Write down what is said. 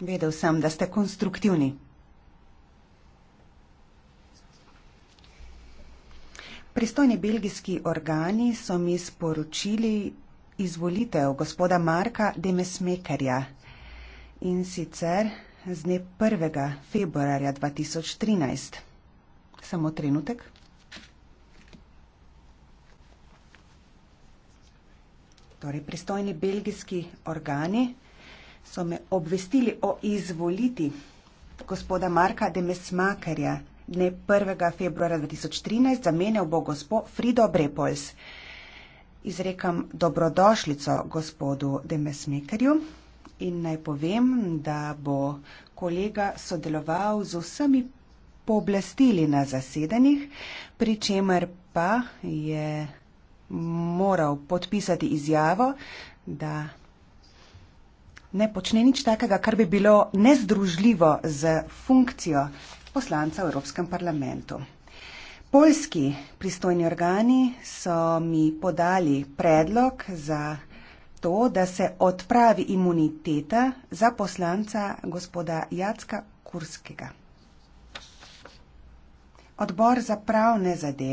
Vedel sem, da ste konstruktivni. Pristojni belgijski organi so mi sporočili izvolitev gospoda Marka Demesmekerja in sicer z dne 1. februarja 2013. Samo trenutek. Torej, pristojni belgijski organi so me obvestili o izvoliti gospoda Marka Demesmakerja dne 1. februara 2013 zamenjal bo gospod Frido Brepols. Izrekam dobrodošlico gospodu Demesmakerju in naj povem, da bo kolega sodeloval z vsemi pooblastili na zasedanjih, pri čemer pa je moral podpisati izjavo, da ne počne nič takega, kar bi bilo nezdružljivo z funkcijo poslanca v Evropskem parlamentu. Poljski pristojni organi so mi podali predlog za to, da se odpravi imuniteta za poslanca gospoda Jacka Kurskega. Odbor za pravne zadeve.